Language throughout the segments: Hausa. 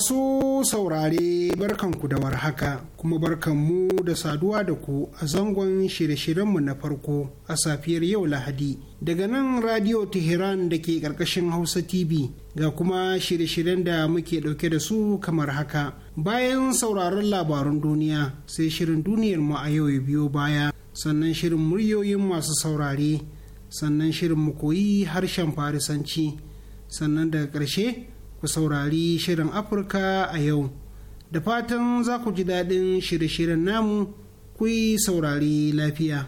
Masu saurare barkanku da warhaka kuma barkanmu da saduwa da ku a zangon shirye-shiryenmu na farko a safiyar yau Lahadi daga nan Radio Tehran da ke karkashin Hausa TV ga kuma shirye-shiryen da muke ɗauke da su kamar haka. Bayan sauraron labarun duniya sai shirin duniyar mu a yau ya biyo baya sannan shirin muryoyin masu saurare sannan shirin mu koyi harshen Farisanci sannan daga karshe. ku saurari shirin afirka a yau da fatan za ku ji daɗin shirye-shiryen namu ku yi saurari lafiya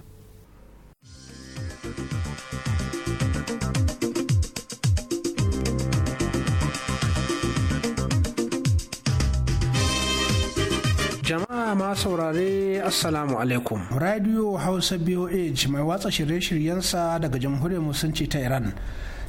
jama'a ma saurare assalamu alaikum radio hausa boh mai watsa shirye-shiryensa daga jamhuriyar musulunci ta iran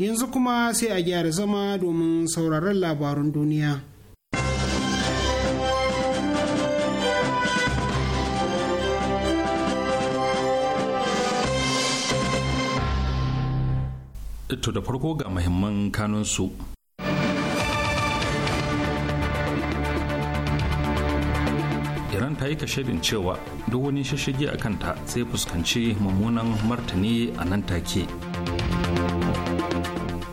yanzu kuma sai a gyara zama domin sauraron labarun duniya To da farko ga muhimman kanunsu. Iran ta yi kashedin cewa duk wani shishigi a kanta sai fuskanci mummunan martani a nan take.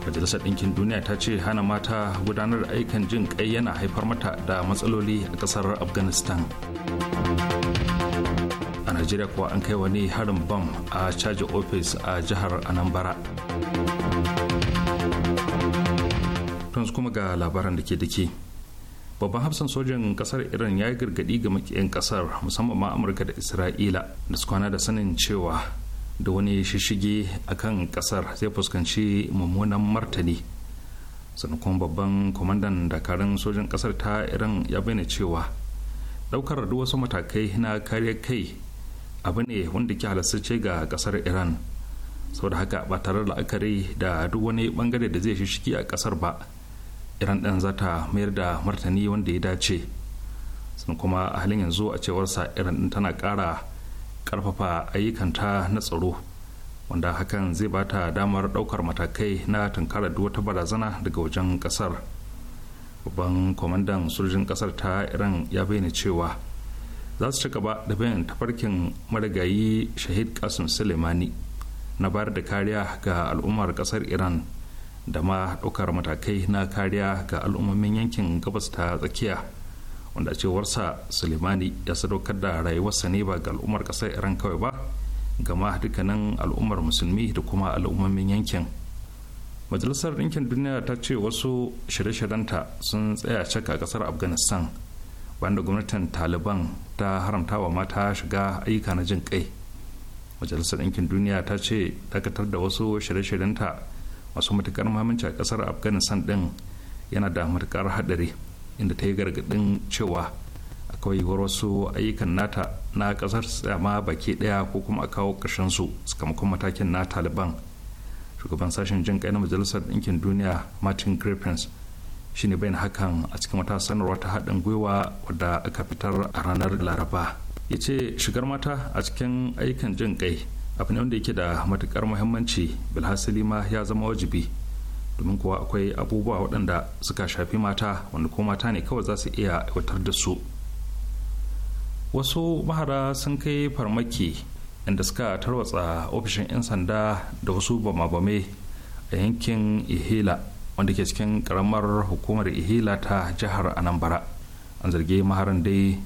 majalisar ɗinkin duniya ta ce hana mata gudanar da aikin jin ƙai yana haifar mata da matsaloli a ƙasar afghanistan a najeriya kuwa an kai wani harin bam a caji ofis a jihar anambra tunz kuma ga labaran da ke dake babban hafsan sojan kasar iran ya yi gargadi ga makiyan kasar musamman ma amurka da isra'ila da su kwana da sanin cewa da wani shishige a kan kasar zai fuskanci mummunan martani sanakon babban kwamandan dakarun sojin kasar ta iran ya bayyana cewa daukar duk wasu matakai na kariya kai abu ne wanda ke ce ga kasar iran saboda haka ba tare da la'akari da duk wani bangare da zai shishige a kasar ba iran ɗin za ta mayar da martani wanda ya dace sun kuma a halin yanzu a cewarsa iran ɗin tana ƙara karfafa ayyukanta na tsaro wanda hakan zai ba ta damar daukar matakai na tunkarar duk wata barazana daga wajen kasar babban kwamandan sojin kasar ta iran ya bayyana cewa za su ci gaba da bayan tafarkin marigayi shahid kasim suleimani na bayar da kariya ga al'ummar kasar iran da ma ɗaukar matakai na kariya ga al'ummomin yankin gabas ta tsakiya wanda cewarsa sulemani ya sadaukar da rayuwarsa ne ba ga al'ummar ƙasar iran kawai ba gama dukkanin al'ummar musulmi da kuma al'ummomin yankin majalisar ɗinkin duniya ta ce wasu shirye-shiryenta sun tsaya cak a ƙasar afghanistan da gwamnatin taliban ta haramta wa mata shiga ayyuka na jin kai majalisar ɗinkin duniya ta ce dakatar da wasu shirye-shiryenta masu matuƙar muhimmanci a ƙasar afghanistan ɗin yana da matuƙar haɗari inda ta yi gargaɗin cewa akwai yiwuwar wasu ayyukan nata na ƙasar tsama baki ɗaya ko kuma a kawo ƙarshen su sakamakon matakin na taliban shugaban sashen jin kai na majalisar ɗinkin duniya martin griffins shi shine bayan hakan a cikin wata sanarwa ta haɗin gwiwa wadda aka fitar a ranar laraba ya ce shigar mata a cikin aikin jin kai abu ne wanda yake da matukar muhimmanci bilhassali ma ya zama wajibi domin kuwa akwai abubuwa waɗanda suka shafi mata wanda ko mata ne kawai za su iya aiwatar da su wasu mahara sun kai farmaki inda suka tarwatsa ofishin 'yan sanda da wasu bama a yankin ihila wanda ke cikin karamar hukumar ihila ta jihar anambra an zargi maharan dai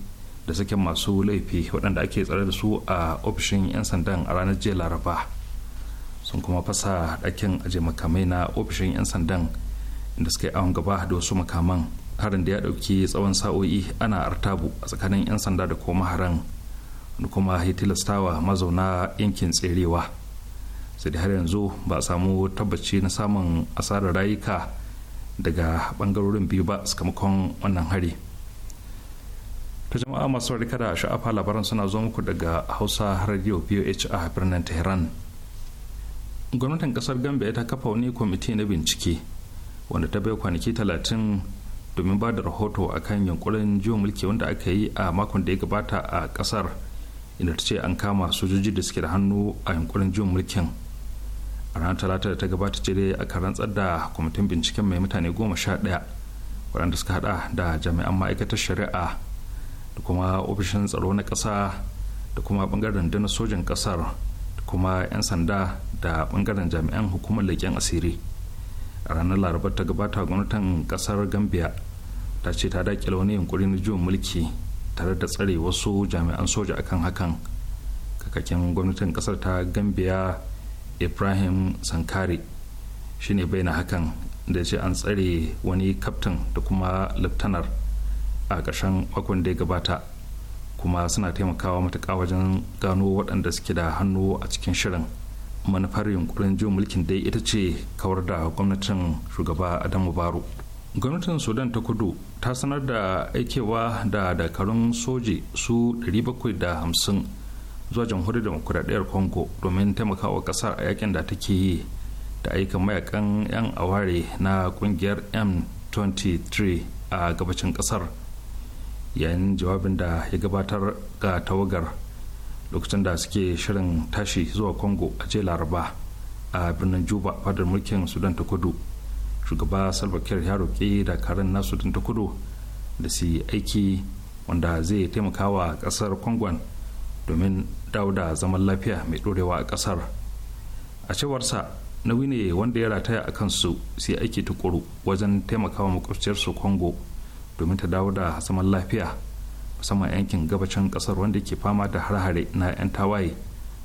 da suke masu laifi waɗanda ake tsare da su a ofishin 'yan sandan a ranar jiya laraba sun kuma fasa ɗakin aje makamai na ofishin 'yan sandan inda suka yi awon gaba da wasu makaman harin da ya ɗauki tsawon sa'o'i ana artabu a tsakanin 'yan sanda da kuma haran da kuma ya tilastawa mazauna yankin tserewa sai da har yanzu ba a samu tabbaci na samun asarar rayuka daga bangarorin biyu ba sakamakon wannan hari ta jama'a masu rika kada sha'afa labaran suna zo muku daga hausa radio voh a birnin tehran gwamnatin kasar gambia ta kafa wani kwamiti na bincike wanda ta bai kwanaki talatin domin ba da rahoto a kan yankurin jiwon mulki wanda aka yi a makon da ya gabata a kasar inda ta ce an kama sojoji da suke da hannu a yankurin jiwon mulkin a ranar talata da ta gabata ce dai aka rantsar da kwamitin binciken mai mutane goma sha ɗaya waɗanda suka hada da jami'an ma'aikatar shari'a da kuma ofishin tsaro na ƙasa da kuma bangaren dana sojan ƙasar kuma 'yan sanda da bangaren jami'an hukumar leƙen asiri a ranar laraba ta gabata gwamnatin kasar gambia ta ce ta daƙile wani yunkuri na juyin mulki tare da tsare wasu jami'an soja akan hakan kakakin gwamnatin kasar ta gambia ibrahim sankari shine bayyana hakan da ce an tsare wani kaftin da kuma laftanar a ƙarshen makon da ya gabata kuma suna taimakawa matuƙa wajen gano waɗanda suke da hannu a cikin shirin manufar yunkurin jin mulkin dai ita ce kawar da gwamnatin shugaba adamu baro gwamnatin sudan ta kudu ta sanar da aikewa da dakarun soji su 750 zuwa jamhuriyar demokuraɗiyar congo domin taimakawa ƙasar a yakin da take yi da aika mayakan 'yan aware na ƙungiyar m23 a gabacin ƙasar yayin jawabin da ya gabatar ga tawagar lokacin da suke shirin tashi zuwa kongo a jiya laraba a birnin juba fadar mulkin sudan ta kudu shugaba salva kiir ya roƙi dakarun na sudan ta kudu da su yi aiki wanda zai taimaka wa ƙasar kongon domin dawo da zaman lafiya mai ɗorewa a ƙasar a cewarsa nauyi ne wanda ya rataya a kansu su yi aiki tukuru wajen taimakawa makwabciyarsu kongo. domin ta dawo da zaman lafiya musamman yankin gabacin kasar wanda ke fama da har-hare na 'yan tawaye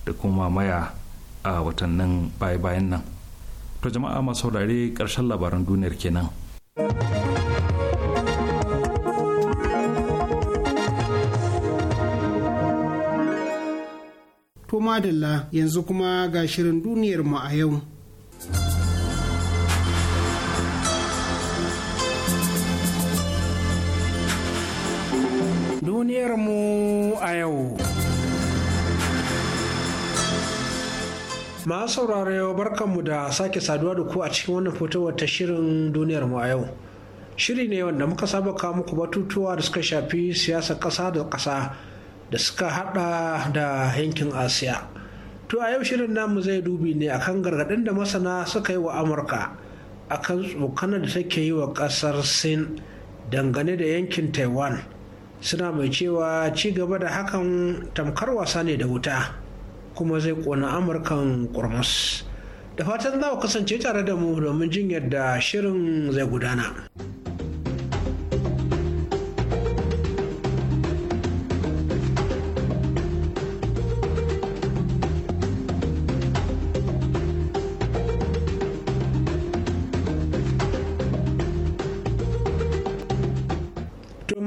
da kuma maya a watannin baya-bayan nan to jama'a masu saurare karshen labaran duniyar kenan to madalla yanzu kuma ga shirin duniyar mu a yau duniyarmu a yau. Masu saurare barkanmu da sake saduwa da ku a cikin wannan fitowar ta shirin duniyarmu a yau. Shiri ne wanda muka saba kawo muku batutuwa da suka shafi siyasar ƙasa da ƙasa da suka hada da yankin Asiya. To a yau shirin namu zai dubi ne akan gargaɗin da masana suka yi wa Amurka akan tsokanar da take yi wa ƙasar Sin dangane da yankin Taiwan. suna mai cewa ci gaba da hakan tamkar wasa ne da wuta kuma zai kona amurkan kurmus da fatan za ku kasance tare da mu domin jin yadda shirin zai gudana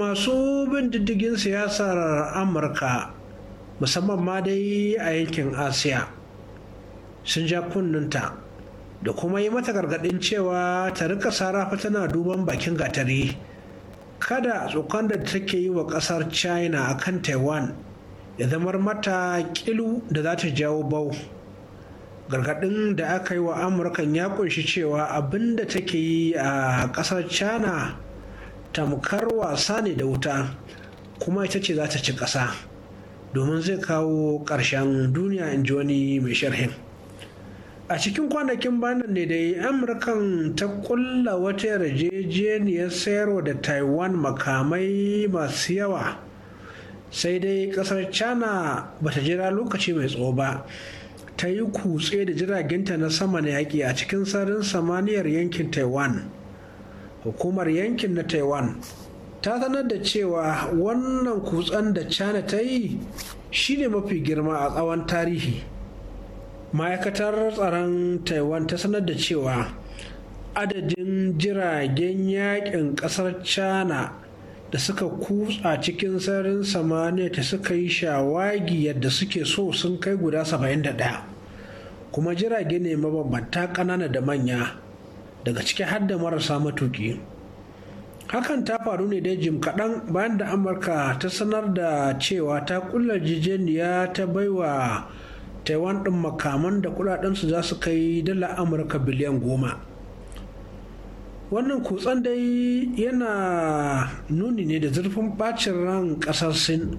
masu bin diddigin siyasar amurka musamman ma dai a yankin asiya sun ja kunninta da kuma yi mata gargaɗin cewa ta rika sarafa tana duban bakin gatari kada tsokan da take yi wa ƙasar china a kan taiwan ya zamar mata ƙilu da za ta jawo bau gargaɗin da aka yi wa amurkan ya ƙunshi cewa abin da take yi a ƙasar china tamkar wasa ne da wuta kuma ita ce za ta ci ƙasa domin zai kawo ƙarshen duniya in ji wani mai sharhin a cikin kwanakin banan ne dai amurkan ta kulla wata yarjejeniyar sayarwa da taiwan makamai masu yawa sai dai kasar china ba ta jira lokaci mai tsawo ba ta yi kutse da jiragenta na sama na yaƙi a cikin sararin samaniyar yankin taiwan hukumar yankin na taiwan ta sanar da cewa wannan kutsen da china ta yi shine mafi girma a tsawon tarihi ma'aikatar tsaron taiwan ta sanar da cewa adadin jiragen yakin kasar china da suka kutsa cikin sararin samaniya ta suka yi shawagi yadda suke so sun kai guda 71 kuma jirage ne mabambanta ƙanana da manya daga ciki har da marasa matuki hakan ta faru ne dai jim kaɗan bayan da amurka ta sanar da cewa ta kulla jijeniya ta baiwa taiwan ɗin makaman da kuɗaɗensu za su kai dala amurka biliyan goma wannan kutsan dai yana nuni ne da zurfin bacin ran ƙasar sin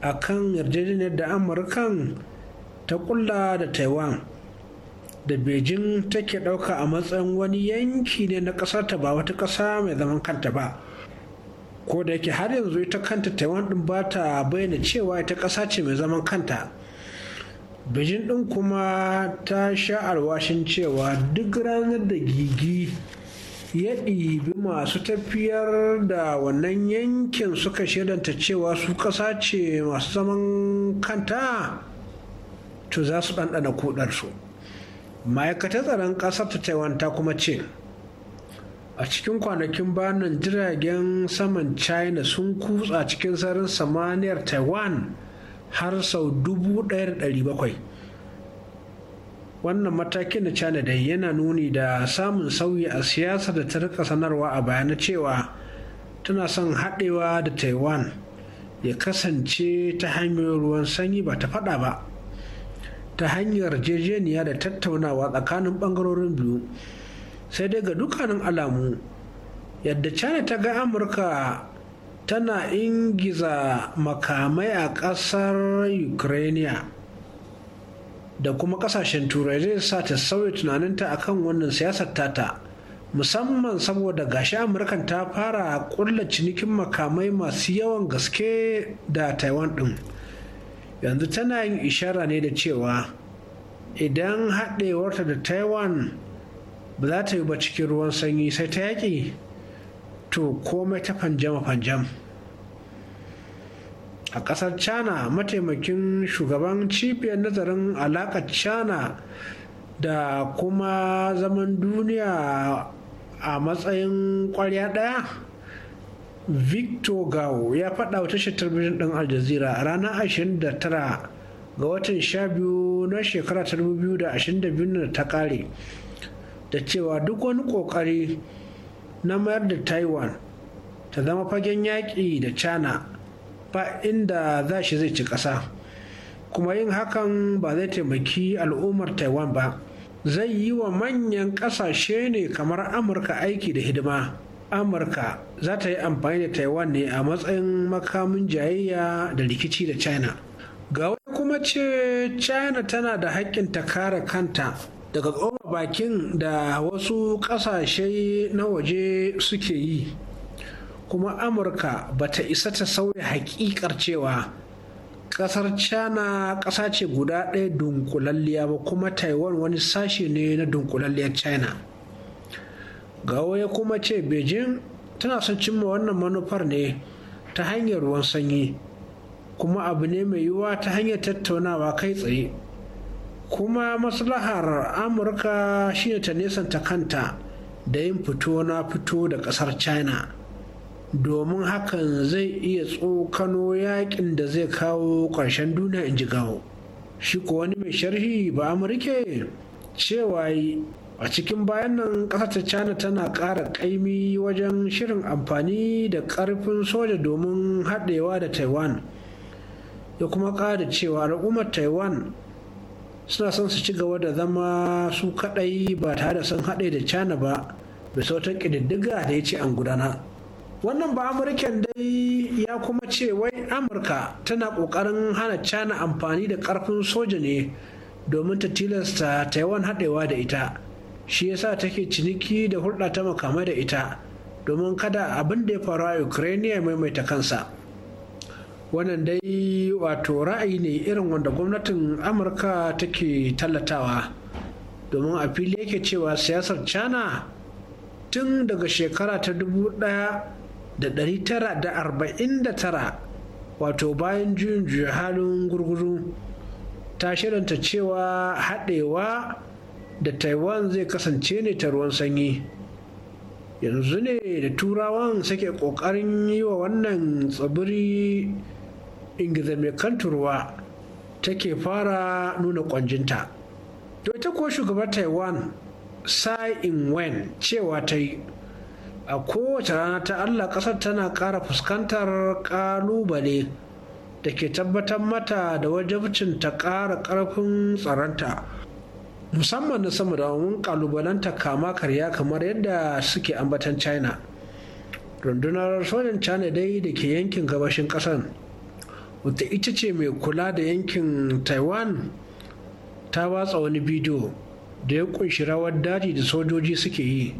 a kan yarjejeniyar da amurkan ta kulla da taiwan da beijing take ɗauka a matsayin wani yanki ne na ta ba wata ƙasa mai zaman kanta ba ko da yake har yanzu ita kanta taiwan ɗin ba ta bayyana cewa ita ƙasa ce mai zaman kanta Bejin ɗin kuma ta sha alwashin cewa duk ranar da gigi ya ɗibi masu tafiyar da wannan yankin suka shaidanta cewa su ƙasa ce masu zaman kanta to za su ɗanɗana kuɗarsu. ma'aikatar tsaron ƙasar ta taiwan ta kuma ce a cikin kwanakin banan jiragen saman china sun kutsa cikin sararin samaniyar taiwan har sau 1,700 wannan matakin na china da yana nuni da samun sauyi a siyasa da ta rika sanarwa a bayana cewa tana son haɗewa da taiwan ya kasance ta hanyoyin ruwan sanyi ba ta faɗa ba ta hanyar jejeniya da tattaunawa tsakanin bangarorin biyu sai dai ga dukkanin alamu yadda china ta ga amurka tana ingiza makamai a ƙasar ukraine da kuma ƙasashen turai zai sa ta sauya tunaninta akan wannan siyasar tata musamman saboda gashi amurkan ta fara kulla cinikin makamai masu yawan gaske da taiwan ɗin. yanzu tana yin ishara ne da cewa idan haɗewarta da taiwan ba za ta yi ba cikin ruwan sanyi sai ta yaƙi to komai ta fanjama-fanjam a ƙasar china mataimakin shugaban cibiyar nazarin alaƙar china da kuma zaman duniya a matsayin ƙwarya ɗaya victor gao ya faɗa wa tashar talabijin ɗin al a ranar 29 ga watan 12 na shekara 2022 ta ƙare da cewa duk wani ƙoƙari na mayar da taiwan ta zama fagen yaƙi da china ba inda za shi zai ci ƙasa kuma yin hakan ba zai taimaki al'ummar taiwan ba zai yi wa manyan ƙasashe ne kamar amurka aiki da hidima amurka za ta yi amfani da taiwan ne a matsayin makamin jayayya da rikici da china ga wani kuma ce china tana da haƙƙin ta kare kanta daga tsoma bakin da wasu ƙasashe na waje suke yi kuma amurka ba ta isa ta sauya haƙiƙar cewa ƙasar china ƙasa ce guda ɗaya dunkulalliya ba kuma taiwan wani sashe ne na dunkulalliyar china gawo ya kuma ce beijing tana son cimma wannan manufar ne ta hanyar ruwan sanyi kuma abu ne mai yiwuwa ta hanyar tattaunawa kai tsaye kuma maslahar amurka shine ta nesanta kanta da yin fito na fito da kasar china domin hakan zai iya tsokano yakin da zai kawo ƙarshen duniya in ji gawo shi ko wani mai sharhi ba amurke cewa a cikin bayan nan ƙasar ta china tana ƙara ƙaimi wajen shirin amfani da ƙarfin soja domin haɗewa da taiwan ya kuma ƙara cewa al'ummar taiwan suna son su ci gaba da zama su kaɗai ba tare da son haɗe da china ba bisa wata ƙididdiga da ya ce an gudana wannan ba amurken dai ya kuma ce wai amurka tana ƙoƙarin hana china amfani da ƙarfin soja ne domin ta tilasta taiwan haɗewa da ita shi yasa take ciniki da hulɗa ta makamai da ita domin kada abin da ya faru a ukraine ya maimaita kansa wannan dai wato ra'ayi ne irin wanda gwamnatin amurka take tallatawa domin a fili yake cewa siyasar china tun daga shekara ta tara, wato bayan juyin juya halin gurguru ta shirinta cewa haɗewa da taiwan zai kasance ne ta ruwan sanyi yanzu ne da turawan sake ƙoƙarin yi wa wannan tsibiri ingiza mai kanturwa take fara nuna kwanjinta to ita ko shugabar taiwan sai in wen cewa ta yi a kowace rana ta allah kasar tana ƙara fuskantar ƙalubale da ke tabbatar mata da wajabcin ta ƙara ƙarfin tsaronta musamman na sama da mun kalubalanta kama karya kamar yadda suke ambatan china rundunar sojan china dai da ke yankin gabashin kasan wata ita ce mai kula da yankin taiwan ta watsa wani bidiyo da ya kunshi rawar daji da sojoji suke yi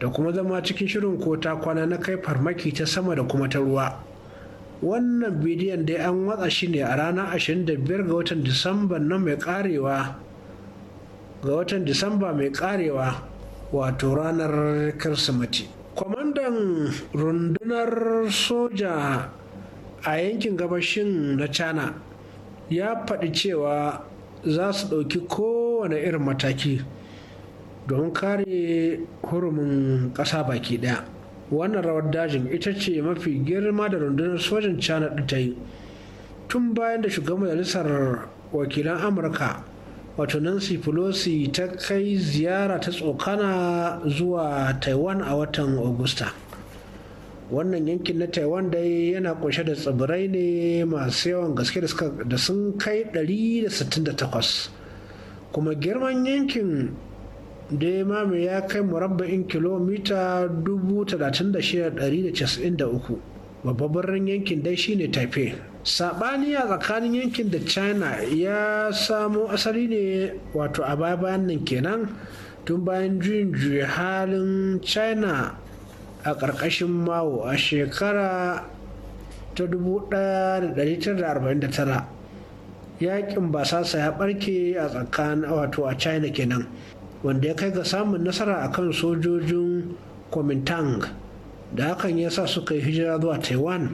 da kuma zama cikin shirin ko ta kwana na kai farmaki ta sama da kuma ta ruwa wannan bidiyon dai an watsa shi ne a ranar 25 ga watan disamba na mai karewa ga watan disamba mai karewa wato ranar kirsimati kwamandan rundunar soja a yankin gabashin na china ya faɗi cewa za su ɗauki kowane irin mataki don kare hurumin ƙasa baki ɗaya wannan rawar dajin ita ce mafi girma da rundunar sojan china ta yi tun bayan da shugaban majalisar wakilan amurka wato nancy pelosi ta kai ziyara ta tsokana zuwa taiwan a watan Agusta. wannan yankin na taiwan dai yana kunshe da tsibirai ne masu yawan gaske da sun kai 168 kuma girman yankin dai mamu ya kai murabba'in kilomita 36,93. babban birnin yankin dai shine taipei saɓani a tsakanin yankin da china ya samo asali ne wato a bayan nan kenan tun bayan juyin juya halin china a ƙarƙashin mao a shekara ta 1949 yakin basasa ya ɓarke a tsakanin wato a china kenan wanda ya kai ga samun nasara a kan sojojin kuomintang da hakan ya sa suka yi hijira zuwa taiwan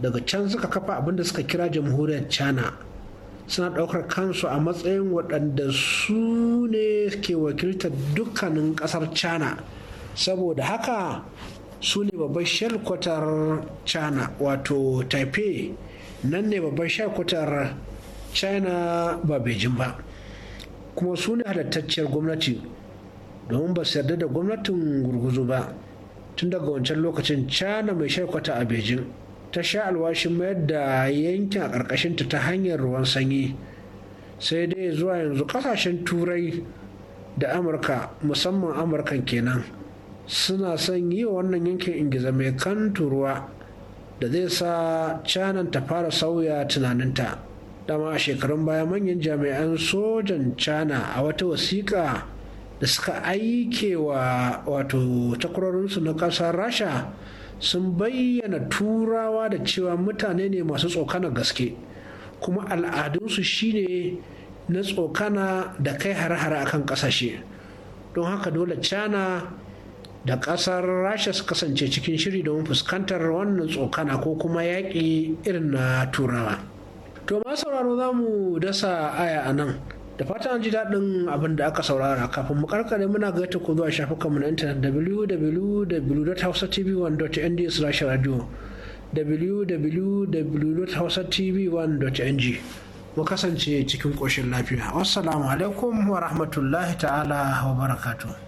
daga can suka kafa abin da suka kira jamhuriyar china suna ɗaukar kansu a matsayin waɗanda su ne ke wakiltar dukkanin ƙasar china saboda haka su ne babban shelkwatar china wato taipei nan ne babban shelkwatar china ba beijing ba kuma su ne halittacciyar gwamnati domin ba su yarda da gwamnatin gurguzu ba tun daga wancan lokacin china mai shelkwata a beijing ta sha alwashin mayar da yankin a ƙarƙashinta ta hanyar ruwan sanyi sai dai zuwa yanzu ƙasashen turai da amurka musamman Amurka kenan suna son yi wa wannan yankin ingiza mai kan turuwa da zai sa canan ta fara sauya tunaninta dama a shekarun baya manyan jami'an sojan cana a wata wasiƙa da suka aike wa wato takwarorinsu na ƙasar rasha sun bayyana turawa da cewa mutane ne masu tsokana gaske kuma al'adunsu shine na tsokana da kai hare-hare akan kasashe don haka dole cana da kasar rasha su kasance cikin shiri don fuskantar wannan tsokana ko kuma yaƙi irin na turawa to ma sauraro za mu dasa aya a nan da fatan an ji daɗin abin da aka saurara kafin mu karkare muna gaita ko zuwa shafukan mu na intanet www.hausatv1.ng/radio www.hausatv1.ng mu kasance cikin ƙoshin lafiya wassalamu alaikum wa rahmatullahi ta'ala wa barakatuh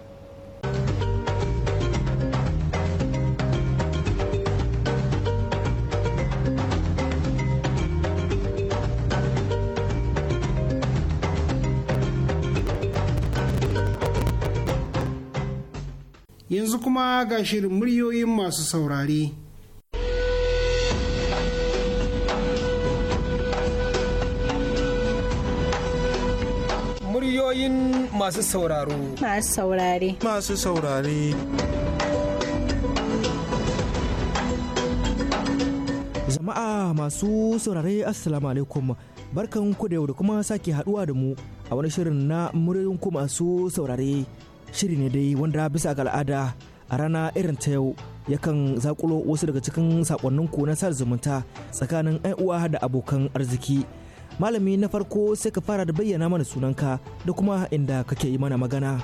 yanzu kuma ga shirin muryoyin masu saurare muryoyin masu sauraro masu saurare masu saurare jama'a masu saurare assalamu alaikum barkan ku da yau da kuma sake haduwa da mu a wani shirin na muryoyin ku masu saurare shiri ne dai wanda bisa ga al'ada a rana irin ta yau yakan zakulo wasu daga cikin sakonnin ku na sar zumunta tsakanin ai uwa da abokan arziki malami na farko sai ka fara da bayyana mana sunanka da kuma inda kake yi mana magana.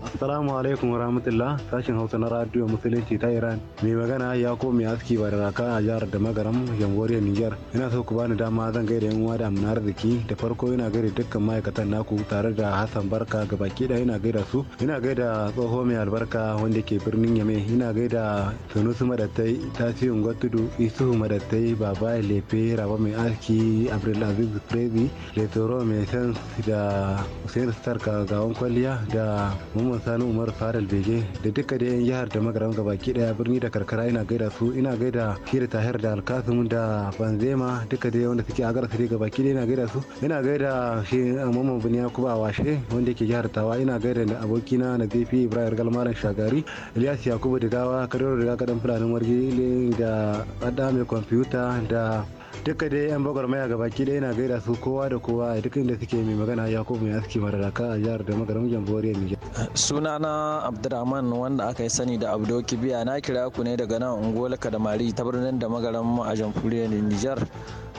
Assalamu alaikum warahmatullah sashen Hausa na radio Musulunci ta Iran. Mai magana ya mai aski ba da raka a jihar da magaram jamhuriyar Niger. Ina so ku bani dama zan gaida yan uwa da amina arziki da farko ina gaida dukkan ma'aikatan naku tare da Hassan Barka gabaki da ina gaida su. Ina gaida tsoho mai albarka wanda ke birnin Yame. Ina gaida Sunusu Madattai, Tasiyun Gwatudu, Isuhu Madattai, Baba Lefe, Raba mai aski, Abdul Aziz Prezi, Letoro mai sans da Hussein Starka gawan kwalliya da Muhammad sani umar Faral bege da duka da yan jihar da magaram gabaki daya birni da karkara ina gaida su ina gaida shiri tahir da alkasim da banzema duka da wanda suke a garsa gabaki daya ina gaida su ina gaida shi eh, mamman bin yakuba a washe wanda yake jihar tawa ina gaida da abokina na zafi ibrahim galmalan shagari ilyas yakubu da digawa kadoro daga Gadan fulanin wargi da ada mai kwamfuta da duka dai yan bagwarmaya maya gabaki ɗaya na gaida su kowa da kowa a duk inda suke mai magana ko mai aski mararaka a jihar da magarin jamhuriyar nijar sunana abdurrahman wanda aka yi sani da abdo kibiya na kira ku ne daga nan unguwar kadamari ta birnin da mu a jamhuriyar nijar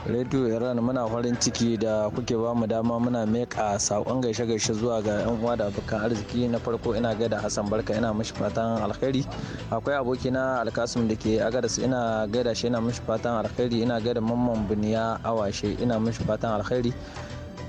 radio iran muna farin ciki da kuke ba mu dama muna meka sakon gaishe gaishe zuwa ga yan uwa da abokan arziki na farko ina gaida hassan barka ina mishi fatan alkhairi akwai abokina alkasum da ke agadas ina gaida shi ina mishi fatan alkhairi ina gaida mamman mamman buniya awashe ina mishi fatan alkhairi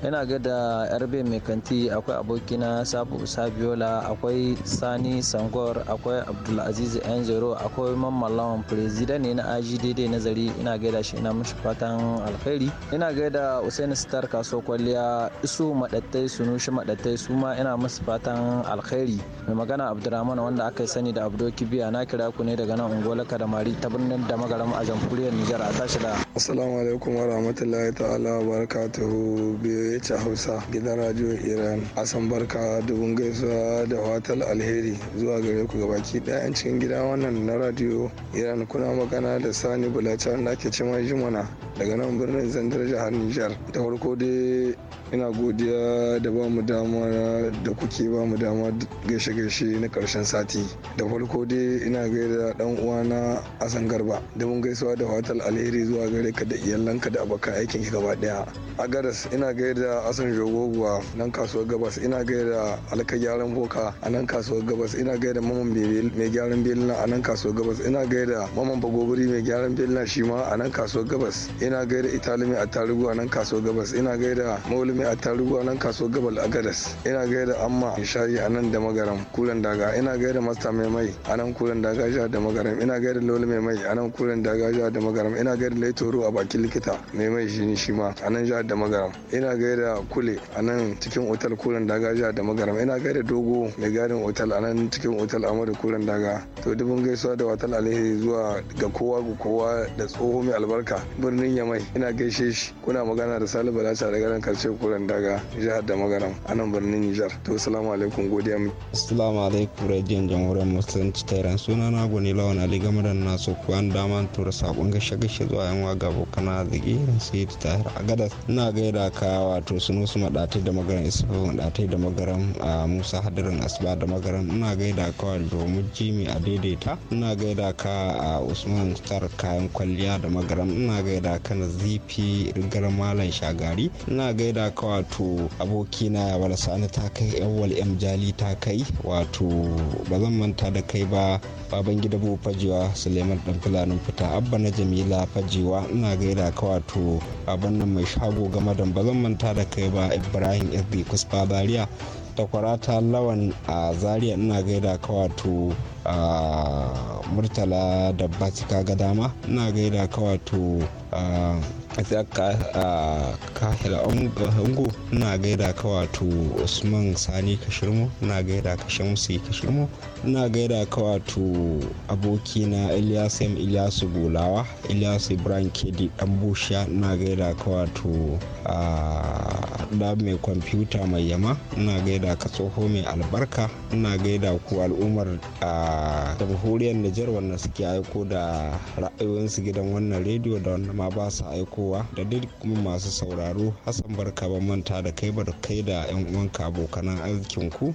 yana ga da yarbe mai kanti akwai abokina sabu sabiola akwai sani sangor akwai abdulaziz yan akwai mamman firizidan ne na aji daidai nazari ina gaida shi ina mashi fatan alkhairi ina gaida usaini star kaso kwalliya isu madattai sunushi madattai su ma ina masu fatan alkhairi mai magana abdurrahman wanda aka sani da abdo kibiya na kira ku ne daga nan ungola kadamari ta birnin da magaram a jamhuriyar nijar a tashi da assalamu alaikum wa rahmatullahi ta'ala wa barakatuhu ya ci Hausa gidan rajo Iran. Asan barka dubun gaisuwa da watal alheri zuwa gare ku gabaki daya cikin gida wannan na radiyo Iran kuna magana da Sani Bulacan da ake cewa Jimana daga nan birnin Zandar jihar Nijar. Da farko dai ina godiya da ba mu dama da kuke ba mu dama gaishe-gaishe na karshen sati. Da farko dai ina gaida dan uwana Asan Garba dubun gaisuwa da watal alheri zuwa gare ka da iyalanka da abokan aikin gaba daya. A garas ina gaida gaida asan jogoguwa nan kasuwar gabas ina gaida alka gyaran boka a nan kasuwar gabas ina gaida maman mai gyaran belina a nan kasuwar gabas ina gaida maman bagobiri mai gyaran belina shi ma a nan kasuwar gabas ina gaida Italimi mai attarugu a nan kasuwar gabas ina gaida Maulimi mai attarugu a nan kasuwar gabal a Gadas ina gaida amma shayi a nan da magaram kulan daga ina gaida masta mai mai a nan kulan daga sha da magaram ina gaida lolo mai mai a nan kulan daga sha da magaram ina gaida laitoro a bakin likita mai mai shi ne shi ma a nan sha da magaram ina gaida gaida kule a nan cikin otal kuren daga jiya da magarama ina gaida dogo mai gadin otal a nan cikin otal amadu kuren daga to dubin gaisuwa da watal alheri zuwa ga kowa ga kowa da tsoho mai albarka birnin yamai ina gaishe shi kuna magana da salihu balasa daga nan karshe kuren daga jihar da magaram a nan birnin nijar to salamu alaikum godiya mu assalamu alaikum radiyon jamhuriyar musulunci tairan suna na gwani lawan ali game da nasu kuwan dama tura sakon gashe gashe zuwa yan waga da gina sai tahir gadas ina gaida kawa wato sunu su maɗatai da magaran isufu maɗatai da magaran musa hadirin asuba da magaran ina gaida ka domin jimi a daidaita ina gaida ka a usman star kayan kwalliya da magaran ina gaida ka na zifi rigar malam shagari ina gaida ka wato abokina ya bala sani ta kai yawwal m jali ta kai wato ba zan manta da kai ba baban gida bu fajewa suleiman dan filanin fita abba na jamila fajewa ina gaida ka wato baban nan mai shago game da ba zan manta ta da kai ba ibrahim fb kusfa zaria kwarata lawan a zaria ina gaida ka wato a murtala da batika ga dama ina gaida ka wato a kahila ungo ina gaida ka wato usman sani kashirmo ina gaida ka shamsi kashirmo ina gaida ka wato abokina ilyasu m ilyasu bulawa ilyasu ibrahim kedi dan busha ina gaida ka wato da mai kwamfuta mai yama ina gaida ka tsoho mai albarka ina gaida ku al'ummar jamhuriyar nijar wannan suke aiko da ra'ayoyinsu gidan wannan rediyo da wannan ma ba su aikowa da duk kuma masu sauraro hassan barka ban manta da kai bar kai da yan uwanka abokanan arzikin ku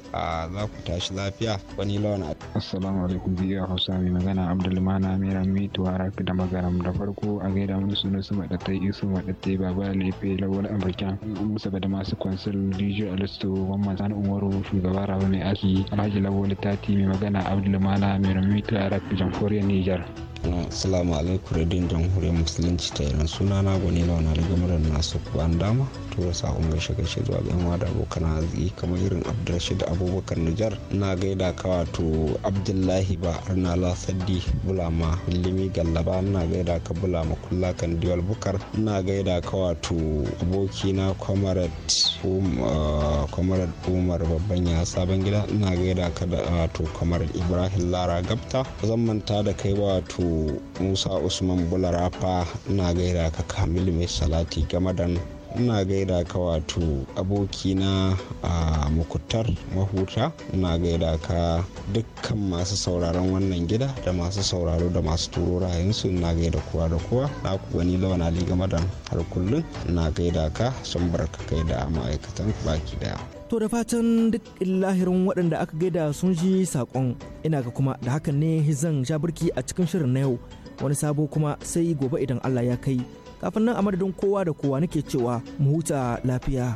za ku tashi lafiya wani lawan wani abu assalamu alaikum biyu hausa mai magana abdulmana amira mai tuwara da magaram da farko a gaida mun suna su maɗatai isu maɗatai baba lefe lawal amurka musa da masu kwansil dj alisto wannan sani umaru shugaba rabu mai aiki alhaji lawal tati mai magana abdulmana mai rami tuwara da jamhuriyar niger Assalamu alaikum radiyon jamhuriyar musulunci ta iran suna na gwani na da gamarar nasu an dama tura sakon gaishe shi zuwa ga da abokan arziki kamar irin abdulrashid abubakar nijar na gaida ka wato abdullahi ba arna lasaddi bulama limi gallaba na gaida ka bulama kulla kan diwal bukar na gaida ka wato abokina um, uh, comrade umar babban ya sabon gida na gaida ka da wato comrade ibrahim lara gabta zan manta da kai wato musa usman bularafa na gaira ka kamilu mai salati gamadan ina gaida ka wato abokina a mukutar mahuta ina gaida ka dukkan masu sauraron wannan gida da masu sauraro da masu turo rayunsu ina gaida kowa da kowa na ku wani lawan ali har kullum ina gaida ka sun barka kai da ma'aikatan baki daya To da fatan duk lahirin waɗanda aka gaida sun ji saƙon ina ga kuma da hakan ne zan sha birki a cikin shirin na yau wani sabo kuma sai gobe idan Allah ya kai kafin nan a madadin kowa da kowa nake cewa mu huta lafiya.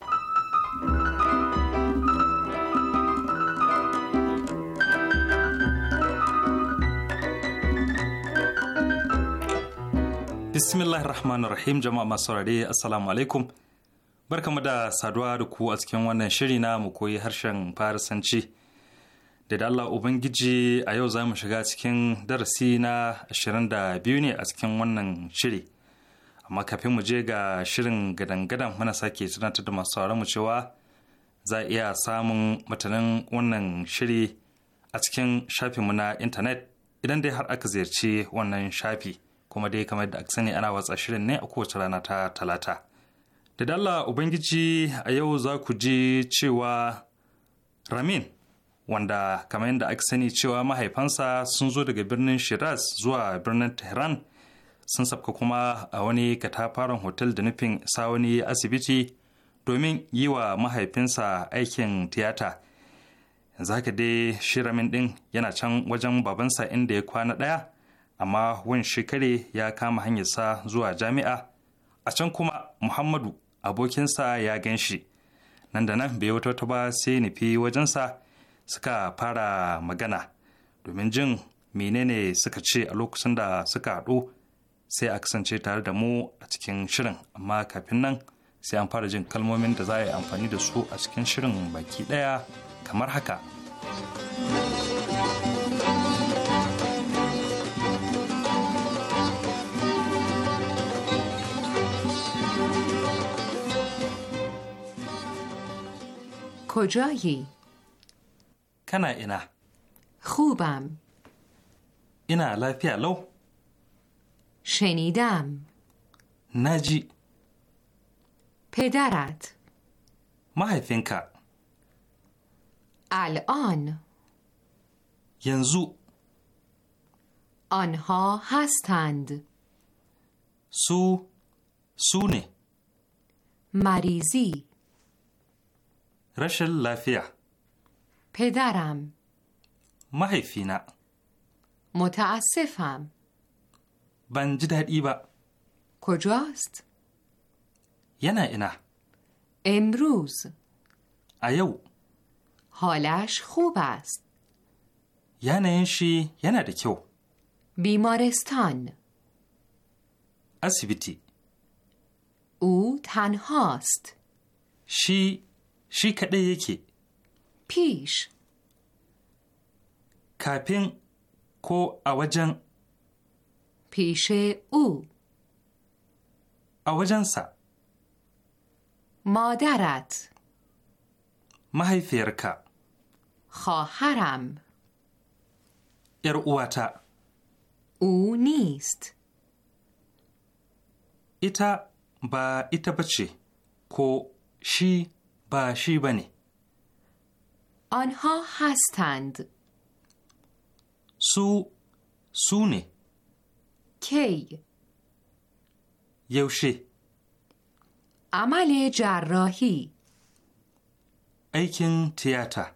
bismillahir rahmanir rahim jama'a masu saurare assalamu alaikum barkamu da saduwa da ku a cikin wannan shiri na mu koyi harshen farisanci da da Allah ubangiji a yau za mu shiga cikin darasi na 22 ne a cikin wannan shiri amma kafin mu je ga shirin gadan-gadan mana sake tunatar da masu mu cewa za a iya samun matanin wannan shiri a cikin shafinmu na intanet idan dai har aka ziyarci wannan shafi. kuma dai kamar da aka sani ana watsa shirin ne a kowace rana ta talata da dalla ubangiji a yau za ku ji cewa ramin wanda kamar yadda aka sani cewa mahaifansa sun zo daga birnin shiraz zuwa birnin tehran sun sabka kuma a wani katafaren hotel da nufin sa wani asibiti domin yi wa mahaifinsa aikin tiyata yanzu haka dai shiramin din yana can wajen babansa inda ya kwana ɗaya amma wani shekare ya kama hanyarsa zuwa jami'a a can kuma muhammadu abokinsa ya gan shi nan da nan bai wata ba sai nufi wajensa suka fara magana domin jin menene suka ce a lokacin da suka haɗu sai a kasance tare da mu a cikin shirin amma kafin nan sai an fara jin kalmomin da za a yi amfani da su a cikin shirin baki ɗaya kamar haka. کجایی؟ کنه اینا خوبم اینا لایفی لو شنیدم نجی پدرت فینکا الان ینزو آنها هستند سو سونه مریضی رشل لافیه پدرم نه متاسفم بنج در با کجاست؟ ینا اینا امروز ایو حالش خوب است یعنی شی ینا دکیو بیمارستان اسیبیتی او تنهاست شی shi kaɗai yake. Fish. Kafin ko a wajen. Fishe u. A wajensa. Madarat. Mahaifiyarka. Yar uwata. Unist. Ita ba ita bace ko shi. باشی شی بنی آنها هستند سو سونه کی یوشی عمل جراحی ایکن تیاتا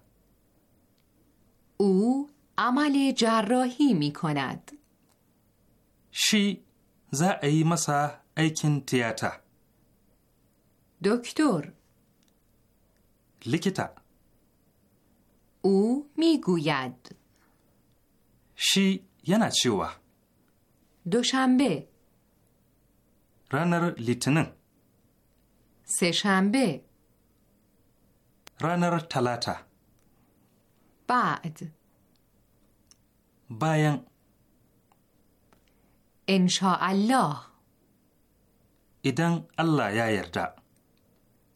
او عمل جراحی می کند شی ای مسا ایکن تیاتا دکتر likita. U mi guyad. Shi yana cewa. Dushanbe. Ranar litinin. Seshanbe. Ranar talata. Ba'ad. Bayan. In Idan Allah ya yarda.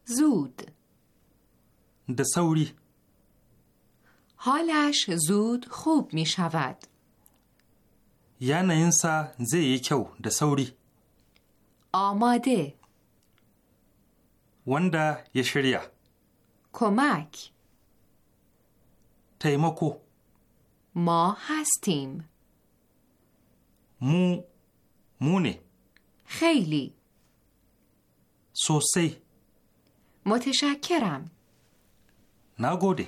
Zud. د سوری حالش زود خوب می شود اینسا زی کیو د سوری آماده وندا یشریا کمک تیمکو ما هستیم مو مونه خیلی سوسی متشکرم Na gode.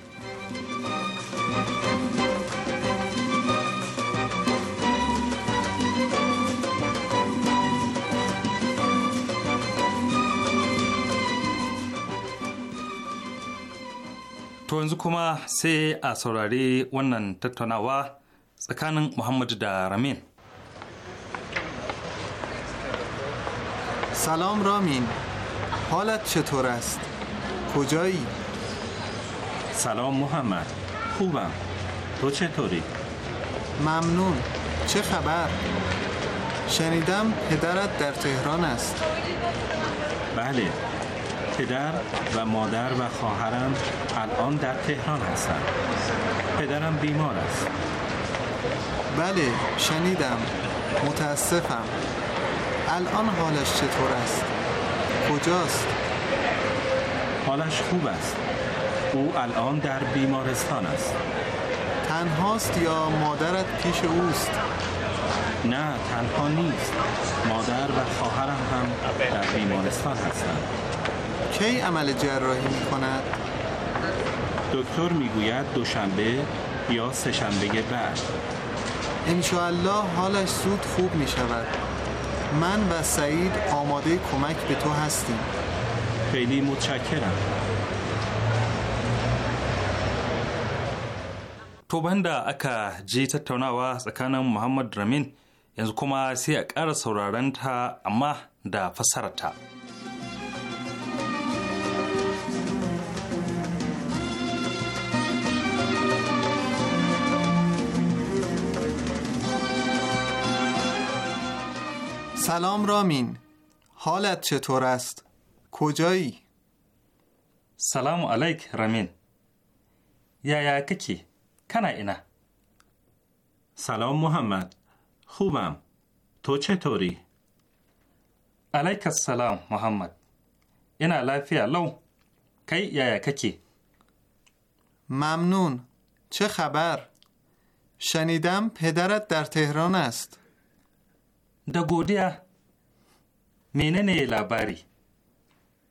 To yanzu kuma sai a saurari wannan tattaunawa tsakanin Muhammadu da Ramin. سلام رامین حالت چطور است؟ کجایی؟ سلام محمد خوبم تو چطوری؟ ممنون چه خبر؟ شنیدم پدرت در تهران است بله پدر و مادر و خواهرم الان در تهران هستند پدرم بیمار است بله شنیدم متاسفم الان حالش چطور است؟ کجاست؟ حالش خوب است او الان در بیمارستان است تنهاست یا مادرت پیش اوست؟ نه تنها نیست مادر و خواهرم هم در بیمارستان هستند کی عمل جراحی می کند؟ دکتر میگوید دوشنبه یا سهشنبه بعد انشاءالله حالش زود خوب می شود من و سعید آماده کمک به تو هستیم خیلی متشکرم To banda aka je tattaunawa tsakanin Muhammad Ramin yanzu kuma sai a ƙara sauraron ta amma da fasarta سلام رامین حالت چطور است؟ کجایی؟ سلام علیک رامین یا یا ککی کنه اینا سلام محمد خوبم تو چطوری؟ علیک السلام محمد اینا لافیا لو کی یا ککی ممنون چه خبر؟ شنیدم پدرت در تهران است دا گودیا مینه نه لاباری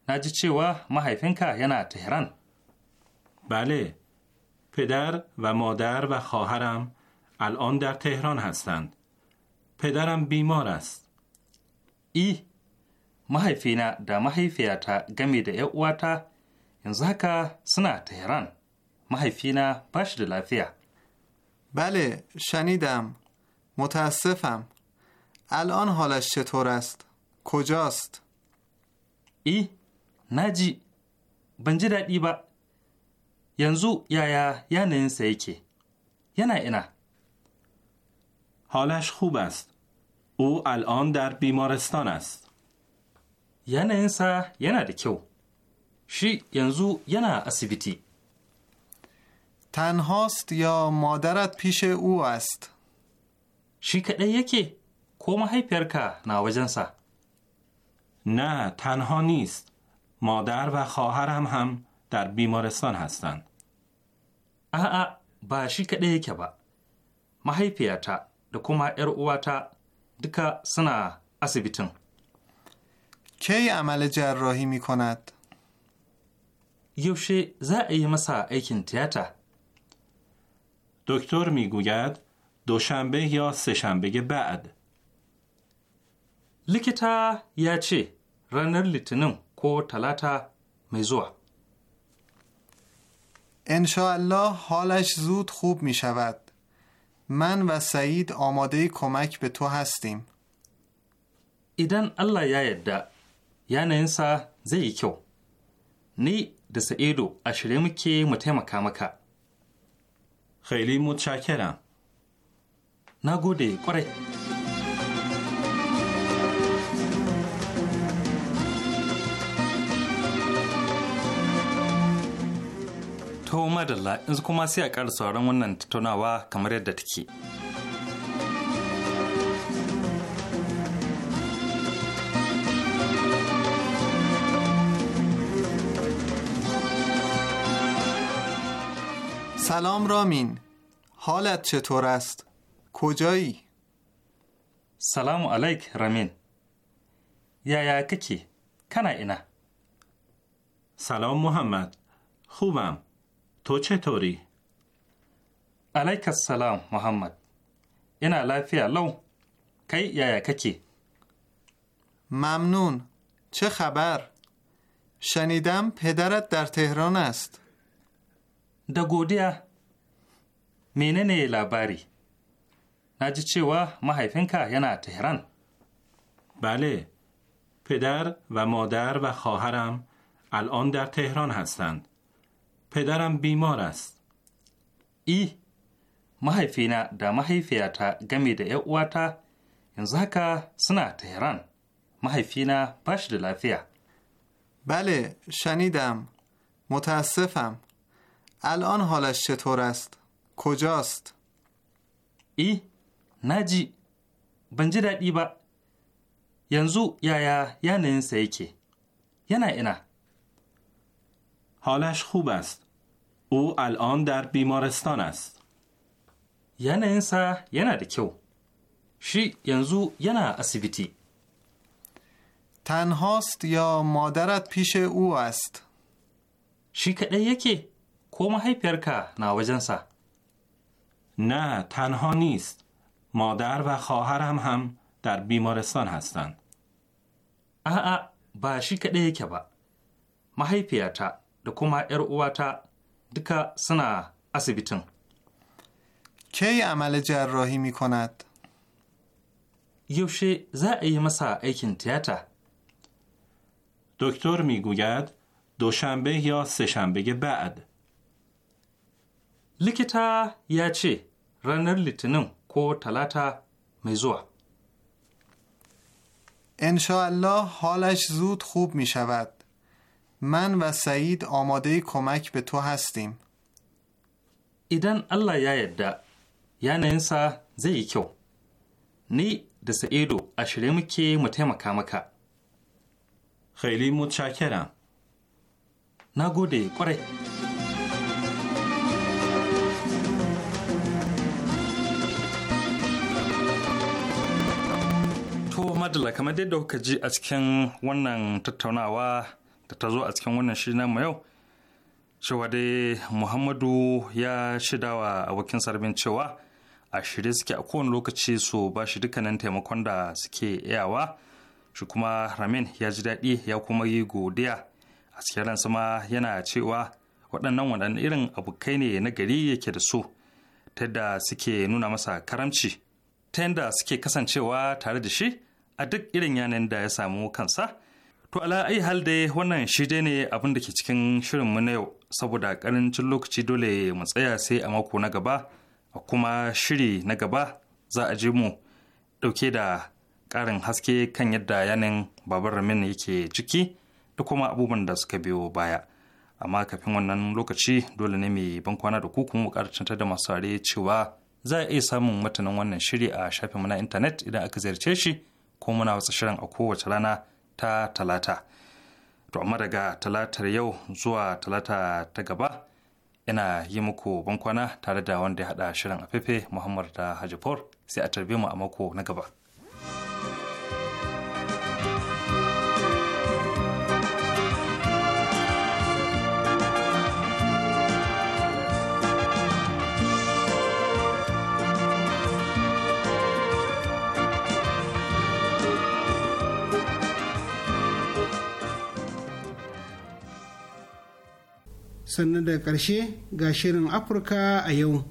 نجی چه و محیفین که تهران بله پدر و مادر و خواهرم الان در تهران هستند پدرم بیمار است ای محیفینه دا گمی گمید ای اواتا انزاکا سنا تهران باش پشت لافیا. بله شنیدم متاسفم الان حالش چطور است؟ کجاست؟ ای نجی بنجی دا ای با ینزو یایا یعنی سیکی یعنی نه حالش خوب است او الان در بیمارستان است یعنی انسا یعنی دکیو شی ینزو ینا اسیبیتی تنهاست یا مادرت پیش او است شی کده یکی کما هی پرکا ناوجنسا نه تنها نیست مادر و خواهرم هم در بیمارستان هستند A'a, ba shi kaɗai yake ba. Mahaifiyata da kuma ‘yar uwata duka suna asibitin. Ke amal jarrahi mi konad? Yaushe za a yi masa aikin tiyata? دکتر میگوید دوشنبه یا ba'ad. Likita ya ce ranar Litinin ko Talata mai zuwa. انشاءالله حالش زود خوب می شود من و سعید آماده کمک به تو هستیم ایدن الله یا یده یا نینسا زی کیو نی da ایدو. اشریم که متهم کامکا. خیلی متشکرم. نگو دی. To madalla yanzu kuma sai a ƙara sauran wannan tattaunawa kamar yadda take. سلام رامین حالت چطور است؟ کجایی؟ سلام علیک رامین یا یا ککی کنا اینا سلام محمد خوبم تو چطوری؟ علیک السلام محمد اینا لافیه لو کی یا ککی ممنون چه خبر؟ شنیدم پدرت در تهران است دا گودیا مینه نه لاباری نجی چی و حیفین که نه تهران بله پدر و مادر و خواهرم الان در تهران هستند پدرم بیمار است. ای mahaifina da mahaifiyata game da 'ya'uwata uwata yanzu haka suna Tehran. mahaifina ba shi da lafiya. Bale, shanidam. متاسفم. الان حالش چطور است؟ کجاست؟ ای ban ji daɗi ba. yanzu yaya yanayinsa yake yana ina حالش خوب است. او الان در بیمارستان است. یه نده که. شی ینزو یه نه اسیبیتی. تنهاست یا مادرت پیش او است؟ شی کدی یکی کو های نا ناوجنسا. نه تنها نیست مادر و خواهرم هم در بیمارستان هستند اا با شی کدی یکی با da kuma 'yar uwata duka suna کی عمل جراحی میکند کند؟ یوشه زعی مسا ایکن تیاتا دکتر میگوید دوشنبه یا سهشنبه بعد لیکتا یا چه رنر لیتنم کو تلاتا میزوه الله حالش زود خوب میشود من و سعید آماده کمک به تو هستیم. ایدن الله یا یدد یا نینسا زی کیو. نی da Sa'idu a shirye muke mu taimaka maka. نگودی mutshakira. Na gode kwarai. da madalla kamar kuka ji a cikin wannan tattaunawa da ta zo a cikin wannan shi na yau cewa dai muhammadu ya wa abokin sarbin cewa a shirye suke a kowane lokaci su ba shi dukkanin taimakon da suke iyawa shi kuma ramin ya ji daɗi ya kuma yi godiya a cikin ransa ma yana cewa waɗannan waɗannan irin abokai ne na gari yake da su ta yadda suke nuna masa karamci ta yadda suke kasancewa tare da shi a duk irin yanayin da ya samu kansa To ala ai hal dai wannan shi dai ne abin da ke cikin shirin mu na yau saboda karancin lokaci dole mu tsaya sai a mako na gaba a kuma shiri na gaba za a je mu dauke da karin haske kan yadda yanin babar ramin yake ciki da kuma abubuwan da suka biyo baya. Amma kafin wannan lokaci dole ne mai ban kwana da ku kuma mu da masu cewa za a iya samun matanin wannan shiri a mu na intanet idan aka ziyarce shi ko muna wasu shirin a kowace rana ta talata to amma daga talatar yau zuwa talata ta gaba ina yi muku bankwana tare da wanda ya haɗa shirin a fefe muhammad da hajifor sai a tarbe mu a mako na gaba. sannan da ƙarshe ga shirin afirka a yau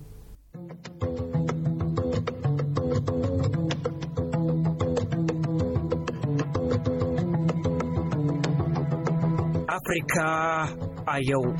afirka a yau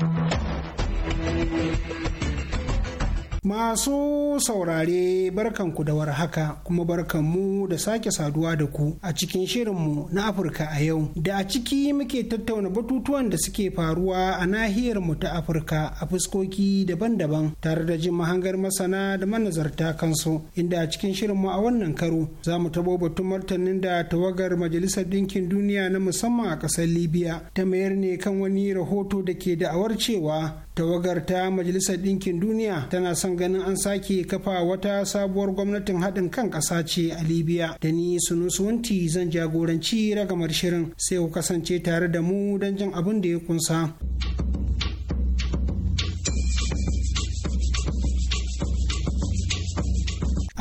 Masu saurare barkanku da warhaka kuma barkanmu da sake saduwa da ku a cikin shirin mu na Afirka a yau da a ciki muke tattauna batutuwan da suke faruwa a nahiyar mu ta Afirka a fuskoki daban-daban tare da jin mahangar masana da manazarta kansu inda a cikin shirin mu a wannan karo za mu tabo batun martanin da tawagar Majalisar Dinkin Duniya na musamman a ƙasar Libya ta mayar ne kan wani rahoto da ke da'awar cewa tawagar ta majalisar ɗinkin duniya tana son ganin an sake kafa wata sabuwar gwamnatin haɗin kan ƙasa ce a libya da ni sunusunti zan jagoranci ragamar shirin sai ku kasance tare da mu don jin abin da ya kunsa.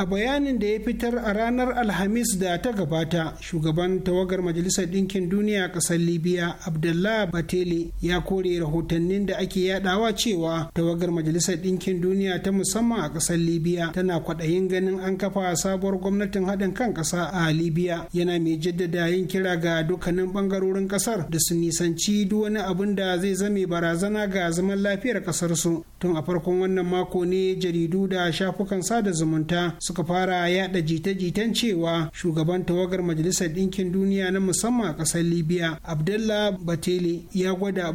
a bayanin da ya fitar a ranar alhamis da ta gabata shugaban tawagar majalisar ɗinkin duniya ƙasar libya abdullah batele ya kore rahotannin da ake yadawa cewa tawagar majalisar ɗinkin duniya ta musamman a ƙasar libya tana kwaɗayin ganin an kafa sabuwar gwamnatin haɗin kan ƙasa a libya yana mai jaddada yin kira ga dukkanin ɓangarorin ƙasar da su nisanci duk wani abin da zai zame barazana ga zaman lafiyar ƙasarsu tun a farkon wannan mako ne jaridu da shafukan sada zumunta suka fara yada jita-jitan cewa shugaban tawagar majalisar ɗinkin duniya na musamman a ƙasar libya abdullah batele ya gwada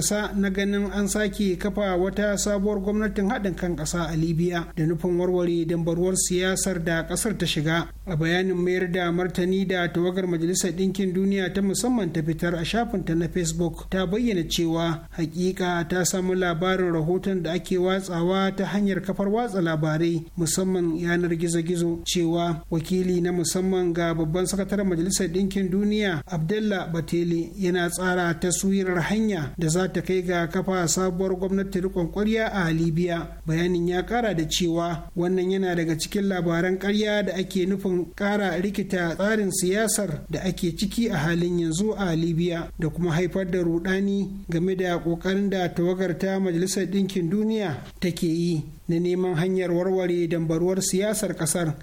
sa na ganin an sake kafa wata sabuwar gwamnatin haɗin kan ƙasa a libya da nufin warware dambarwar siyasar da ƙasar ta shiga a bayanin mayar da martani da tawagar majalisar ɗinkin duniya ta musamman ta fitar a shafinta na facebook ta bayyana cewa hakika ta samu labarin rahoton da ake watsawa ta hanyar kafar watsa labarai musamman yanar yanar gizo-gizo cewa wakili na musamman ga babban sakataren majalisar ɗinkin duniya abdullah batele yana tsara taswirar hanya da za ta kai ga kafa sabuwar gwamnati riƙon ƙwarya a libya bayanin ya ƙara da cewa wannan yana daga cikin labaran karya da ake nufin ƙara rikita tsarin siyasar da ake ciki a halin yanzu a libya da kuma haifar da rudani game da ƙoƙarin da tawagar ta majalisar ɗinkin duniya take yi na neman hanyar warware dambaruwar siyasar kasar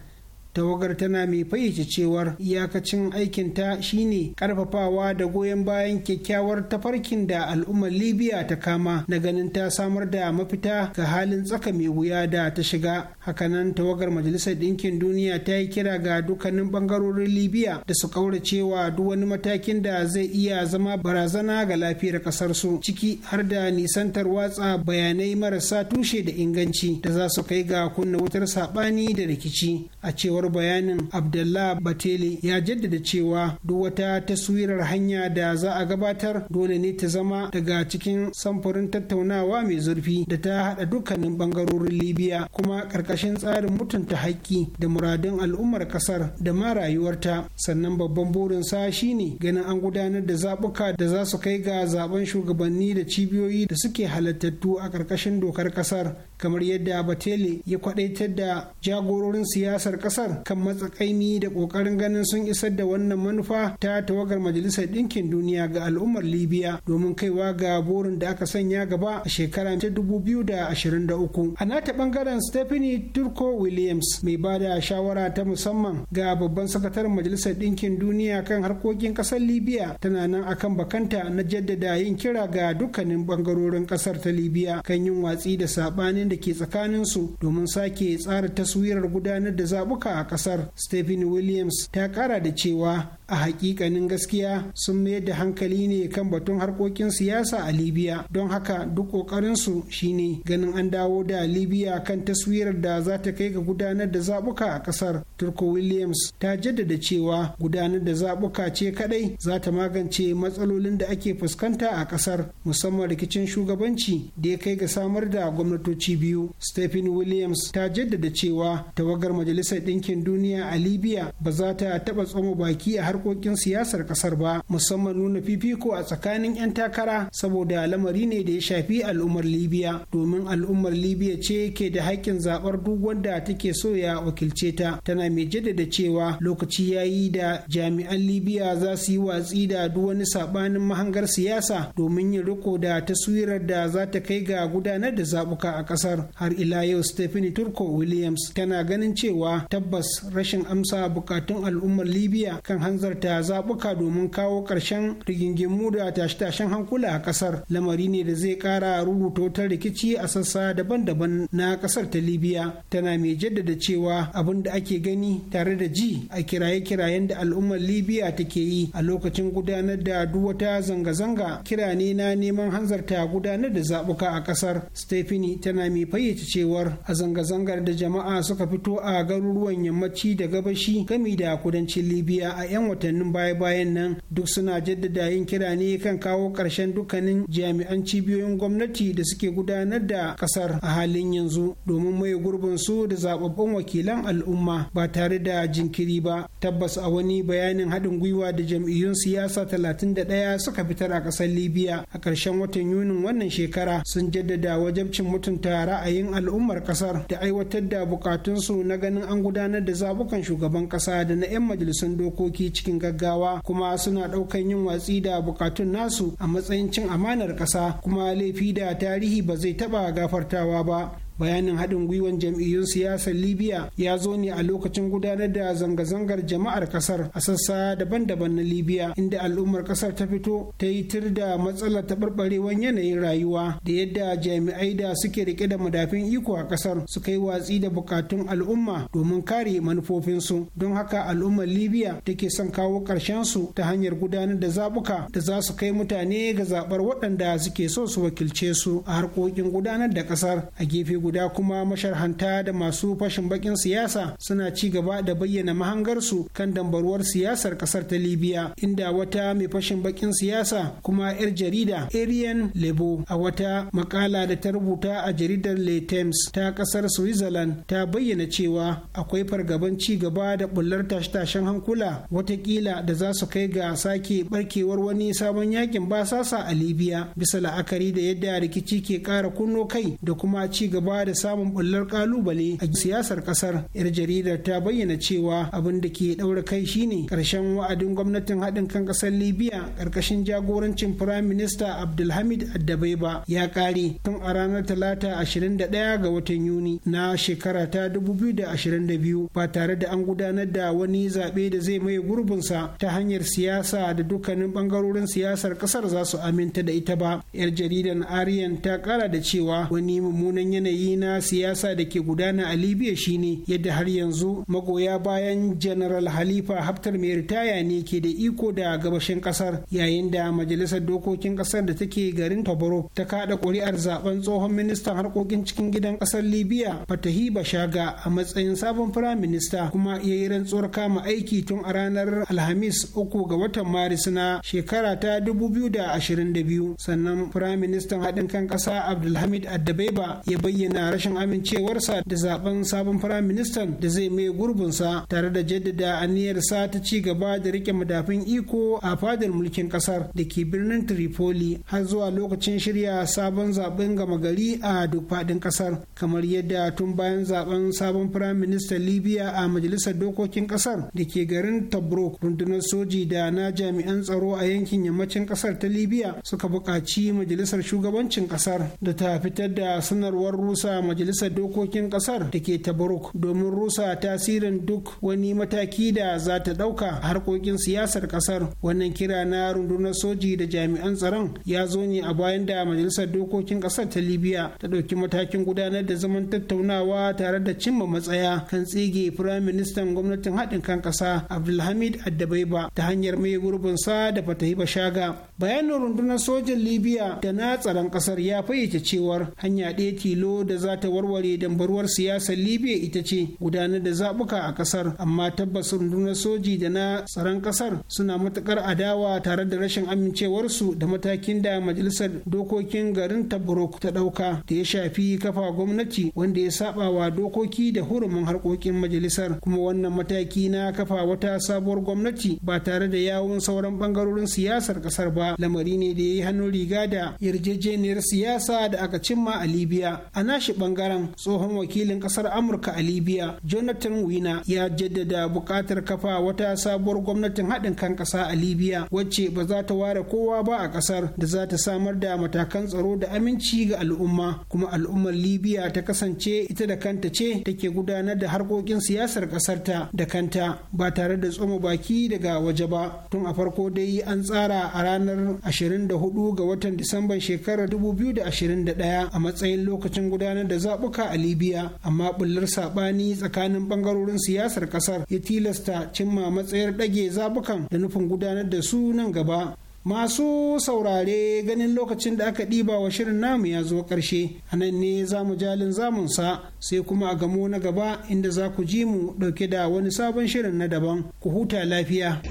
tawagar tana mai fayyace cewar iyakacin aikinta shine karfafawa da goyon bayan kyakkyawar tafarkin da al'ummar libya ta kama na ganin ta samar da mafita ga halin tsaka mai wuya da ta shiga hakanan tawagar majalisar ɗinkin duniya ta yi kira ga dukkanin bangarorin libya da su kauracewa duk wani matakin da zai iya zama barazana ga lafiyar kasar su ciki har da nisantar watsa bayanai marasa tushe da inganci da za su kai ga kunna wutar saɓani da rikici a cewar cewar bayanin abdullah batele ya jaddada cewa duk wata taswirar hanya da za a gabatar dole ne ta zama daga cikin samfurin tattaunawa mai zurfi da ta hada dukkanin ɓangarorin libya kuma karkashin tsarin mutunta haƙƙi da muradun al'ummar kasar da ma rayuwarta sannan babban burin sa shine ganin an gudanar da zabuka da za su kai ga zaben shugabanni da cibiyoyi da suke halattattu a karkashin dokar kasar. kamar yadda batele ya kwadaitar da jagororin siyasar kasar kan matsakaimi da kokarin ganin sun isar da wannan manufa ta tawagar majalisar ɗinkin duniya ga al'ummar libya domin kaiwa ga burin da aka sanya gaba a shekara ta 2023 a nata bangaren stephanie turko williams mai ba da shawara ta musamman ga babban sakataren majalisar ɗinkin duniya kan harkokin ƙasar libya tana nan akan bakanta na jaddada yin kira ga dukkanin bangarorin ƙasar ta libya kan yin watsi da saɓanin da ke tsakaninsu domin sake tsara taswirar gudanar da zabuka a kasar stephen williams ta kara da cewa a hakikanin gaskiya sun mayar da hankali ne kan batun harkokin siyasa a libya don haka duk kokarinsu shine ganin an dawo da libya kan taswirar da za ta kai ga gudanar da zabuka a kasar turko williams ta jaddada cewa gudanar da zabuka ce kadai za ta magance matsalolin da ake fuskanta a kasar musamman rikicin shugabanci da ya kai ga samar da gwamnatoci biyu stephen williams ta jaddada cewa tawagar majalisar ɗinkin duniya a libya ba za ta taɓa tsoma baki a harkokin siyasar ƙasar ba musamman nuna fifiko a tsakanin 'yan takara saboda lamari ne da ya shafi al'ummar libya domin al'ummar libya ce ke da haƙƙin zaɓar duk wanda take so ya wakilce ta tana mai jaddada cewa lokaci ya yi da jami'an libya za su yi watsi da duk wani saɓanin mahangar siyasa domin yin riko da taswirar da za ta kai ga gudanar da zaɓuka a ƙasar kasar har ila yau stephanie turko williams tana ganin cewa tabbas rashin amsa bukatun al'ummar libya kan hanzarta zaɓuka domin kawo ƙarshen rigingimu da tashe-tashen hankula a kasar lamari ne da zai ƙara rubuta wata rikici a sassa daban-daban na kasar ta libya tana mai jaddada cewa abin da ake gani tare da ji a kiraye-kirayen da al'ummar libya take yi a lokacin gudanar da duk wata zanga-zanga kira ne na neman hanzarta gudanar da zaɓuka a kasar stephanie tana mai fayyace cewar a zanga-zangar da jama'a suka fito a garuruwan yammaci da gabashi gami da kudancin libya a 'yan watannin baya-bayan nan duk suna jaddada yin kira ne kan kawo karshen dukkanin jami'an cibiyoyin gwamnati da suke gudanar da ƙasar a halin yanzu domin maye gurbin su da zababbun wakilan al'umma ba tare da jinkiri ba tabbas a wani bayanin haɗin gwiwa da jam'iyyun siyasa talatin da ɗaya suka fitar a ƙasar libya a ƙarshen watan yunin wannan shekara sun jaddada wajabcin mutunta ra'ayin al'ummar kasar da aiwatar da bukatunsu na ganin an gudanar da zabukan shugaban kasa da na 'yan majalisun dokoki cikin gaggawa kuma suna ɗaukan yin watsi da bukatun nasu a matsayin cin amanar kasa kuma laifi da tarihi ba zai taɓa gafartawa ba bayanin haɗin gwiwar jam'iyyun siyasar libya ya zo ne a lokacin gudanar da zanga-zangar jama'ar kasar a sassa daban-daban na libya inda al'ummar kasar ta fito ta yi tir da matsalar taɓarɓarewar yanayin rayuwa da yadda jami'ai da suke rike da madafin iko a kasar su kai watsi da bukatun al'umma domin kare manufofinsu don haka al'ummar libya take son kawo ƙarshen su ta hanyar gudanar da zabuka da za su kai mutane ga zaɓar waɗanda suke so su wakilce su a harkokin gudanar da kasar a gefe guda kuma masharhanta da masu fashin bakin siyasa suna ci gaba da bayyana mahangarsu kan dambaruwar siyasar kasar ta libya inda wata mai fashin bakin siyasa kuma 'yar jarida arian lebo a wata makala da ta rubuta a jaridar le Thames ta kasar switzerland ta bayyana cewa akwai fargaban ci gaba da bullar tashe-tashen hankula watakila da za su kai ga sake barkewar wani sabon yakin basasa a libya bisa la'akari da yadda rikici ke kara kunno kai da kuma ci gaba da samun bullar kalubale a siyasar kasar yar jaridar ta bayyana cewa abin da ke daura kai shine karshen wa'adin gwamnatin haɗin kan kasar libya karkashin jagorancin prime minister abdulhamid addabaiba ya kare tun a ranar talata 21 ga watan yuni na shekara ta 2022 ba tare da an gudanar da wani zaɓe da zai mai gurbinsa ta hanyar siyasa da dukkanin ɓangarorin siyasar kasar za su aminta da ita ba yar jaridan aryan ta kara da cewa wani mummunan yanayi na siyasa da ke gudana a libya shine yadda har yanzu magoya bayan general halifa haftar mai ritaya ne ke da iko da gabashin kasar yayin da majalisar dokokin kasar da take garin tobaro ta kada kuri'ar zaben tsohon ministan harkokin cikin gidan kasar libya fatahi bashaga a matsayin sabon firaminista kuma ya yi rantsuwar kama aiki tun a ranar alhamis uku ga watan maris na shekara ta 2022 sannan firaministan haɗin kan ƙasa abdulhamid addabeba ya bayyana na rashin amincewarsa da zaben sabon firaministan da zai mai gurbinsa tare da jaddada aniyarsa ta ci gaba da rike madafin iko a fadar mulkin kasar da ke birnin tripoli har zuwa lokacin shirya sabon zaben gama gari a duk fadin kasar kamar yadda tun bayan zaben sabon firaministan libya a majalisar dokokin kasar da ke garin tobruk rundunar soji da na jami'an tsaro a yankin yammacin kasar ta libya suka buƙaci majalisar shugabancin kasar da ta fitar da sanarwar rusa rusa majalisar dokokin kasar da ke tabaruk domin rusa tasirin duk wani mataki da za ta dauka a harkokin siyasar kasar wannan kira na rundunar soji da jami'an tsaron ya zo ne a bayan da majalisar dokokin kasar ta libya ta dauki matakin gudanar da zaman tattaunawa tare da cimma matsaya kan tsige firayim ministan gwamnatin haɗin kan ƙasa abdulhamid addabaiba ta hanyar mai gurbin sa da fatahi bashaga bayanin rundunar sojin libya da na tsaron kasar ya fayyace cewar hanya ɗaya tilo da za ta warware dambaruwar siyasar libya ita ce gudanar da zabuka a kasar amma tabbas rundunar soji da na tsaron kasar suna matukar adawa tare da rashin amincewarsu da matakin da majalisar dokokin garin tabarok ta ɗauka da ya shafi kafa gwamnati wanda ya saba wa dokoki da hurumin harkokin majalisar kuma wannan mataki na kafa wata sabuwar gwamnati ba tare da yawon sauran bangarorin siyasar kasar ba lamari ne da ya yi hannun riga da yarjejeniyar siyasa da aka cimma a libya a nashi bangaren tsohon wakilin kasar amurka a libya jonathan wina ya jaddada buƙatar kafa wata sabuwar gwamnatin haɗin kan ƙasa a libya wacce ba za ta ware kowa ba a ƙasar da za ta samar da matakan tsaro da aminci ga al'umma kuma al'ummar libya ta kasance ita da kanta ce take gudanar da harkokin siyasar ƙasar ta da kanta ba tare da tsoma baki daga waje ba tun a farko dai an tsara a ranar 24 ga watan disamban shekarar 2021 a matsayin lokacin gudanar gudanar da zaɓuka a libya amma bullar saɓani tsakanin ɓangarorin siyasar ƙasar ya tilasta cimma matsayar ɗage zaɓukan da nufin gudanar da su nan gaba masu saurare ganin lokacin da aka ɗiba wa shirin namu ya zo ƙarshe a nan ne za mu jalin zamunsa sai kuma a gamo na gaba inda za ku ji mu ɗauke da wani sabon shirin na daban ku huta lafiya.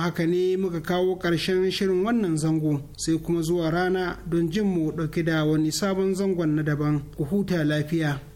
haka ne muka kawo ƙarshen shirin wannan zango sai kuma zuwa rana don jin mu dauke da wani sabon zangon na daban ku huta lafiya